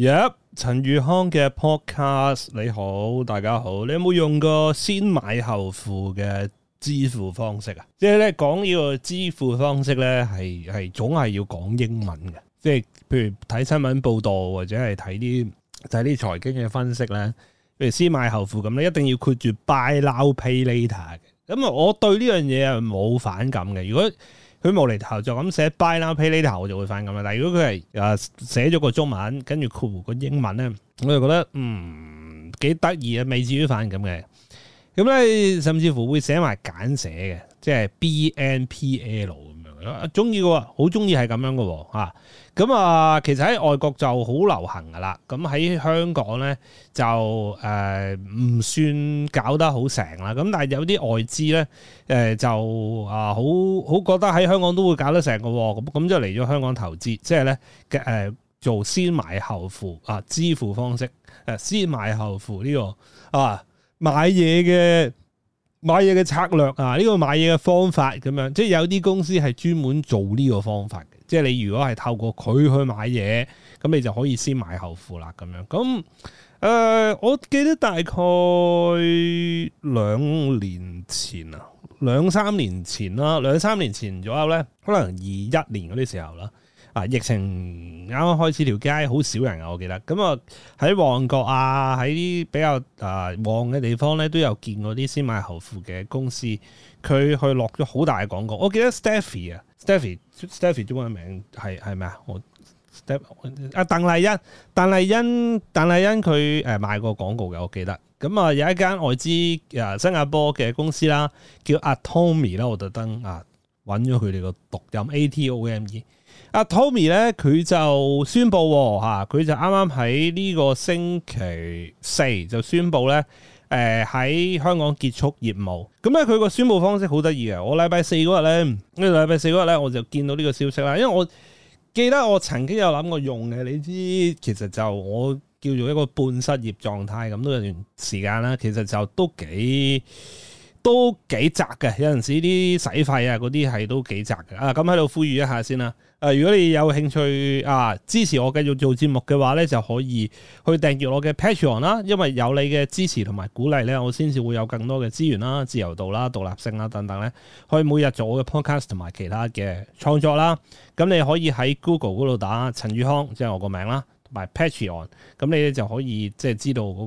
Yep，陳宇康嘅 podcast，你好，大家好，你有冇用過先買後付嘅支付方式啊？即係咧講呢個支付方式咧，係係總係要講英文嘅，即係譬如睇新聞報道或者係睇啲就係啲財經嘅分析咧，譬如先買後付咁咧，一定要括住 buy now pay later 嘅。咁啊，我對呢樣嘢係冇反感嘅。如果佢無厘頭就咁寫 buy now pay later 呢頭就會反感啦。但係如果佢係誒寫咗個中文，跟住括弧個英文咧，我就覺得嗯幾得意啊，未至於反感嘅。咁、嗯、咧甚至乎會寫埋簡寫嘅，即係 B N P L。中意喎，好中意係咁樣嘅喎，吓咁啊！其實喺外國就好流行噶啦，咁喺香港咧就誒唔、呃、算搞得好成啦，咁但係有啲外資咧誒、呃、就啊好好覺得喺香港都會搞得成嘅喎，咁咁就嚟咗香港投資，即係咧嘅誒做先買後付啊支付方式誒、啊、先買後付呢、呢個啊買嘢嘅。買嘢嘅策略啊，呢、這個買嘢嘅方法咁樣，即係有啲公司係專門做呢個方法嘅，即係你如果係透過佢去買嘢，咁你就可以先買後付啦咁樣。咁誒、呃，我記得大概兩年前啊，兩三年前啦，兩三年前左右呢，可能二一年嗰啲時候啦。啊！疫情啱啱開始，條街好少人啊，我記得。咁啊，喺旺角啊，喺啲比較啊旺嘅地方咧，都有見過啲先買後付嘅公司，佢去落咗好大嘅廣告。我記得 Stephy 啊 Stephy，Stephy 中文名？係係咩啊？我 Step 啊，鄧麗欣，鄧麗欣，鄧麗欣佢誒買過廣告嘅，我記得。咁啊，有一間外資啊新加坡嘅公司啦，叫 Atome 啦，我特登啊揾咗佢哋個讀音 A T O M E。阿 Tommy 咧，佢就宣布吓、哦，佢就啱啱喺呢個星期四就宣布咧，誒、呃、喺香港結束業務。咁咧佢個宣布方式好得意嘅，我禮拜四嗰日咧，呢個禮拜四嗰日咧，我就見到呢個消息啦。因為我記得我曾經有諗過用嘅，你知其實就我叫做一個半失業狀態咁多段時間啦，其實就都幾。都幾窄嘅，有陣時啲洗費啊嗰啲係都幾窄嘅啊！咁喺度呼籲一下先啦。誒、啊，如果你有興趣啊支持我繼續做節目嘅話咧，就可以去訂閱我嘅 Patreon 啦。因為有你嘅支持同埋鼓勵咧，我先至會有更多嘅資源啦、自由度啦、獨立性啦等等咧，去每日做我嘅 podcast 同埋其他嘅創作啦。咁你可以喺 Google 嗰度打陳宇康，即、就、係、是、我個名啦。買 Patreon，咁你咧就可以即係知道嗰、那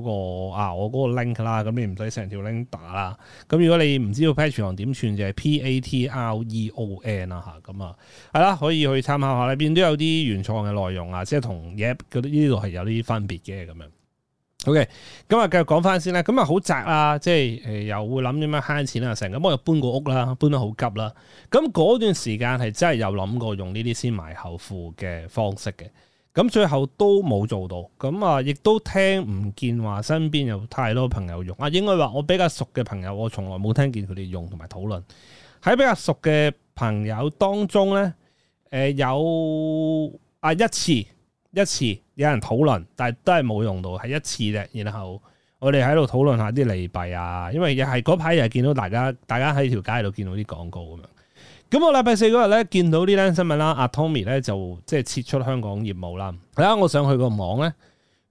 個啊，我嗰個 link 啦，咁你唔使成條 link 打啦。咁如果你唔知道 Patreon 點串就係、是、P A T R E O N 啦、啊、吓，咁啊係啦，可以去參考下，裏邊都有啲原創嘅內容啊，即係同 App 嗰啲呢度係有啲分別嘅咁樣。OK，咁啊、嗯嗯嗯、繼續講翻先啦，咁、嗯嗯、啊好窄啦，即係誒、呃、又會諗點樣慳錢啊。成日我又搬過屋啦，搬得好急啦，咁、啊、嗰、嗯、段時間係真係有諗過用呢啲先買後付嘅方式嘅。咁最後都冇做到，咁啊，亦都聽唔見話身邊有太多朋友用啊。應該話我比較熟嘅朋友，我從來冇聽見佢哋用同埋討論。喺比較熟嘅朋友當中呢，誒、呃、有啊一次一次有人討論，但係都係冇用到，係一次啫。然後我哋喺度討論下啲利弊啊，因為又係嗰排又係見到大家大家喺條街度見到啲廣告咁樣。咁我禮拜四嗰日咧，見到呢單新聞啦，Atomy 咧，就即係撤出香港業務啦。嗱，我上去個網咧，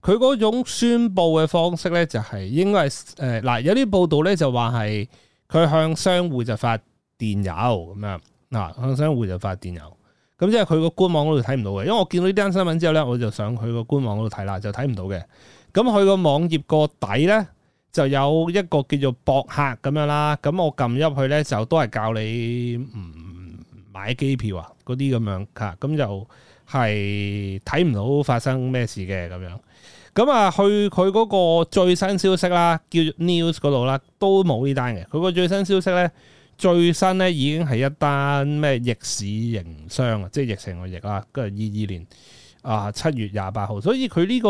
佢嗰種宣布嘅方式咧就係應該係誒，嗱、呃、有啲報道咧就話係佢向商戶就發電郵咁樣，嗱、啊、向商戶就發電郵。咁即係佢個官網嗰度睇唔到嘅，因為我見到呢單新聞之後咧，我就上去個官網嗰度睇啦，就睇唔到嘅。咁佢個網頁個底咧就有一個叫做博客咁樣啦，咁我撳入去咧就都係教你唔。買機票啊，嗰啲咁樣嚇，咁就係睇唔到發生咩事嘅咁樣。咁啊，去佢嗰個最新消息啦，叫 news 嗰度啦，都冇呢單嘅。佢個最新消息咧，最新咧已經係一單咩逆市營商啊，即係疫情個逆啊，跟住二二年啊七月廿八號，所以佢呢個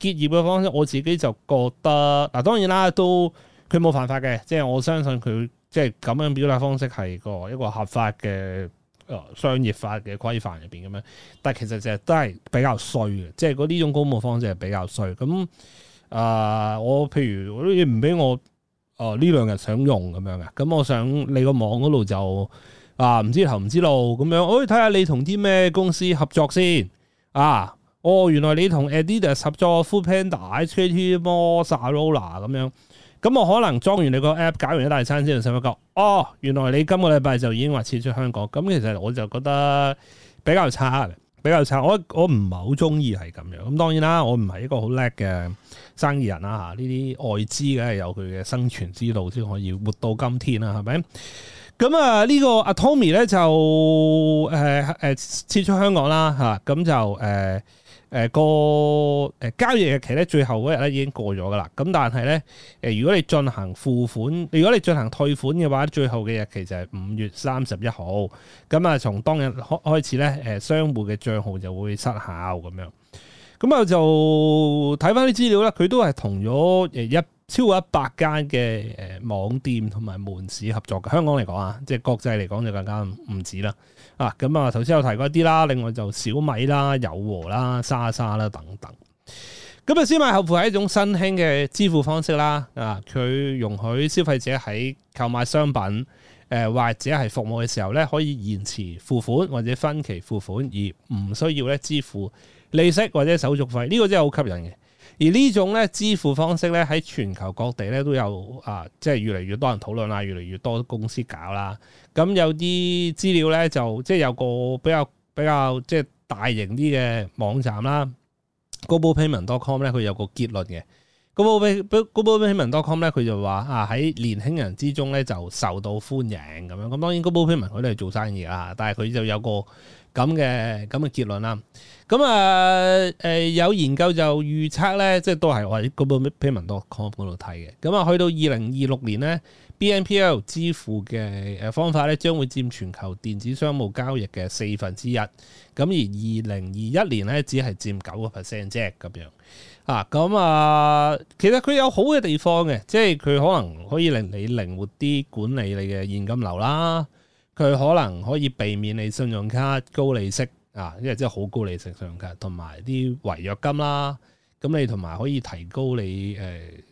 結業嘅方式，我自己就覺得嗱、啊，當然啦，都佢冇犯法嘅，即係我相信佢即係咁樣表達方式係個一個合法嘅。嗯、商業化嘅規範入邊咁樣，但係其實就係都係比較衰嘅，即係嗰呢種公務方式係比較衰。咁啊、呃，我譬如如果你唔俾我，啊呢兩日想用咁樣嘅，咁我想你個網嗰度就啊唔、呃、知頭唔知路咁樣，我去睇下你同啲咩公司合作先啊。哦，原來你同 Adidas 合作，Full Panda、ChatGPT、Mozilla 咁樣。咁我可能裝完你個 app，搞完一大餐先就發覺哦，原來你今個禮拜就已經話撤出香港。咁其實我就覺得比較差，比較差。我我唔係好中意係咁樣。咁當然啦，我唔係一個好叻嘅生意人啦吓。呢、啊、啲外資梗係有佢嘅生存之道先可以活到今天啦，係咪？咁啊，呢個阿 Tommy 咧就誒誒、呃、撤出香港啦吓，咁、啊、就誒。呃誒、呃、個誒交易日期咧，最後嗰日咧已經過咗噶啦。咁但係咧，誒、呃、如果你進行付款，如果你進行退款嘅話，最後嘅日期就係五月三十一號。咁、嗯、啊，從當日開開始咧，誒、呃、商戶嘅帳號就會失效咁樣。咁、嗯、啊、嗯嗯，就睇翻啲資料啦，佢都係同咗誒一。超過一百間嘅誒網店同埋門市合作嘅，香港嚟講啊，即係國際嚟講就更加唔止啦。啊，咁啊，頭先有提過一啲啦，另外就小米啦、友和啦、莎莎啦等等。咁啊，先買後付係一種新興嘅支付方式啦。啊，佢容許消費者喺購買商品誒、呃、或者係服務嘅時候咧，可以延遲付款或者分期付款，而唔需要咧支付利息或者手續費。呢、這個真係好吸引嘅。而呢種咧支付方式咧喺全球各地咧都有啊，即係越嚟越多人討論啦，越嚟越多公司搞啦。咁有啲資料咧就即係有個比較比較即係大型啲嘅網站啦、mm hmm.，GlobalPayment.com 咧佢有個結論嘅。GlobalPay GlobalPayment.com 咧佢就話啊，喺年輕人之中咧就受到歡迎咁樣。咁當然 GlobalPayment 佢都係做生意啊，但係佢就有個，咁嘅咁嘅結論啦，咁啊誒有研究就預測咧，即係都係我喺嗰個 Payment.com 度睇嘅。咁啊，去到二零二六年呢，BNPL 支付嘅誒方法咧，將會佔全球電子商務交易嘅四分之一。咁而二零二一年咧，只係佔九個 percent 啫咁樣啊。咁啊，其實佢有好嘅地方嘅，即係佢可能可以令你靈活啲管理你嘅現金流啦。佢可能可以避免你信用卡高利息啊，因為即係好高利息信用卡，同埋啲違約金啦。咁你同埋可以提高你誒誒、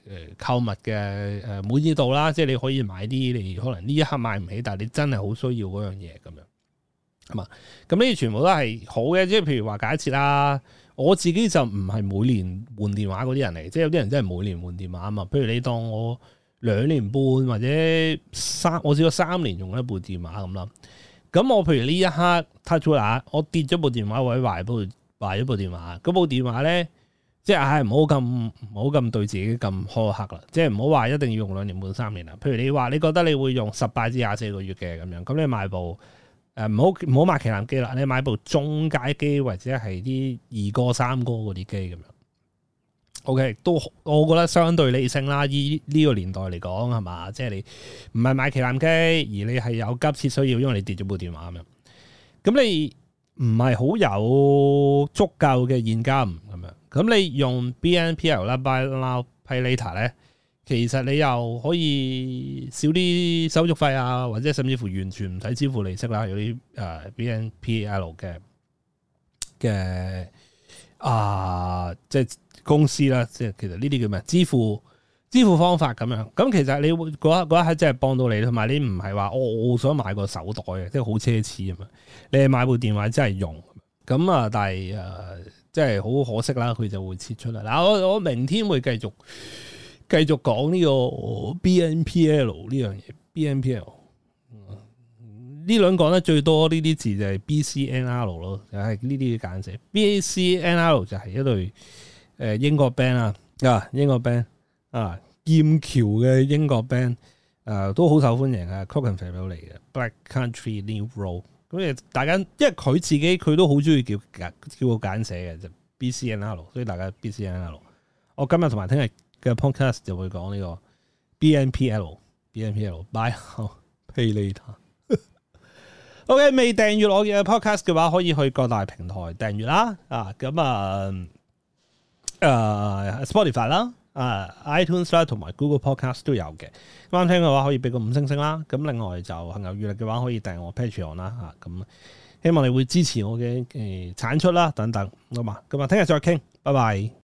呃、購物嘅誒滿意度啦。即係你可以買啲你可能呢一刻買唔起，但係你真係好需要嗰樣嘢咁樣。係嘛，咁呢啲全部都係好嘅。即係譬如話假設啦，我自己就唔係每年換電話嗰啲人嚟，即係有啲人真係每年換電話啊嘛。譬如你當我。兩年半或者三，我試過三年用一部電話咁啦。咁我譬如呢一刻 touch wood，我跌咗部，部電話，或者壞部壞咗部電話。嗰部電話咧，即係唔好咁唔好咁對自己咁苛刻啦。即係唔好話一定要用兩年半三年啦。譬如你話你覺得你會用十八至廿四個月嘅咁樣，咁你買部誒唔好唔好買旗艦機啦，你買部中階機或者係啲二哥三哥嗰啲機咁樣。O.K. 都我覺得相對理性啦，依呢個年代嚟講係嘛，即係、就是、你唔係買旗艦機，而你係有急切需要，因為你跌咗部電話咁樣。咁你唔係好有足夠嘅現金咁樣，咁你用 B.N.P.L. 啦，by now Paylater 咧，其實你又可以少啲手續費啊，或者甚至乎完全唔使支付利息啦，有啲誒、uh, B.N.P.L. 嘅嘅啊、呃，即係。公司啦，即係其實呢啲叫咩？支付支付方法咁樣，咁其實你會嗰一刻真係幫到你同埋你唔係話我我想買個手袋嘅，即係好奢侈啊嘛。你係買部電話真係用咁啊，但係誒，即係好可惜啦，佢就會撤出嚟嗱。我我明天會繼續繼續講呢、這個、哦、B N P L 呢樣嘢，B N P L 呢、嗯、兩講得最多呢啲字就係 B C N L 咯，就係呢啲簡寫，B A C N L 就係一類。誒英國 band 啊，啊英國 band 啊劍橋嘅英國 band 誒都好受歡迎啊，Copenhagen 嚟嘅 Black Country New Road，咁誒大家因為佢自己佢都好中意叫簡叫個簡寫嘅就是、BCNR，所以大家 BCNR。我今日同埋聽日嘅 podcast 就會講呢、這個 BNPL，BNPL buy pay later。OK，未訂閱我嘅 podcast 嘅話，可以去各大平台訂閱啦。啊，咁、嗯、啊～誒、uh, Spotify 啦，誒 iTunes 啦，同埋 Google Podcast 都有嘅。啱聽嘅話可以俾個五星星啦。咁另外就行有餘力嘅話，可以訂我 Patreon 啦嚇。咁、啊嗯、希望你會支持我嘅誒、呃、產出啦等等好嘛？咁啊，聽日再傾，拜拜。